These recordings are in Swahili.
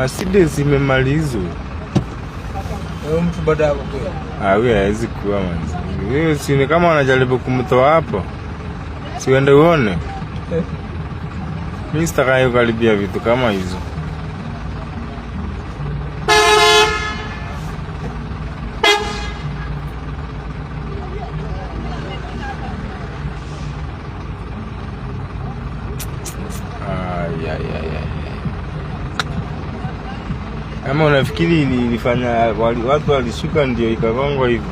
Mercedes imemalizwa. Wewe mtu baada yako kweli? Ah, wewe hawezi kuwa manzi. Wewe si kama wanajaribu kumtoa hapo. Si uende uone. Mimi sitakaye karibia vitu kama hizo. Ay, ay, ay. Ama unafikiri ilifanya wali, watu walishuka ndio ikagongwa hivyo?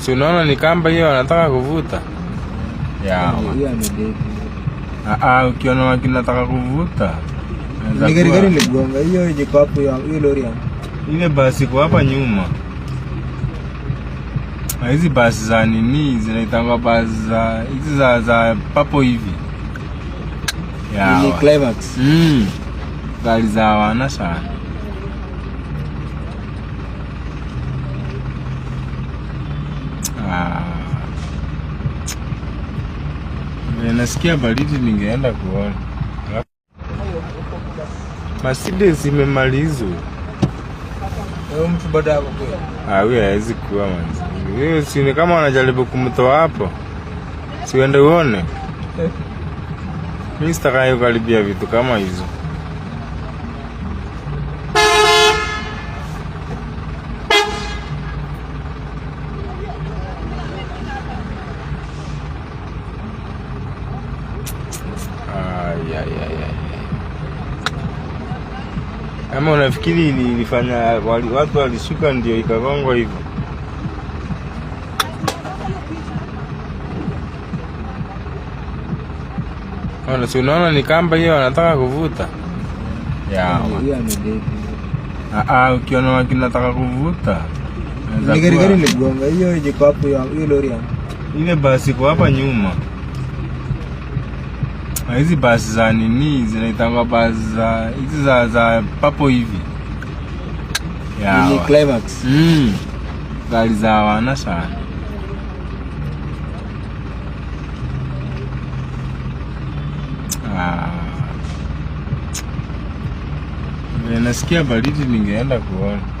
Si unaona ni kamba hiyo wanataka kuvuta ya ah, ah, ukiona wakinataka kuvuta ni gari gari hiyo, ile basi kwa hapa nyuma na hizi basi za nini zinaitangwa basi za hizi za za papo hivi climax mm. gari za wana sana ah. nasikia baridi ningeenda kuona Mercedes imemalizwa. Ah, huyu mtu bado hawezi kuwa manzi Eh, si ni kama wanajaribu kumtoa hapo, siwende uone. Mi sitakaye kukaribia vitu kama hizo. Ama unafikiri ilifanya watu walishuka ndio ikagongwa hivyo? Wala si unaona ni kamba hiyo wanataka kuvuta. Ya. Ah, ah, ukiona wakinataka kuvuta. Ni gari gari ligonga hiyo ije kwa hapo hiyo lori hapo. Ile basi kwa hapa eh. nyuma. Na hizi basi za nini zinaitangwa basi za hizi za za papo hivi. Ya. Ni climax. Mm. Gari za wana sana. Nasikia baridi, ningeenda kuona.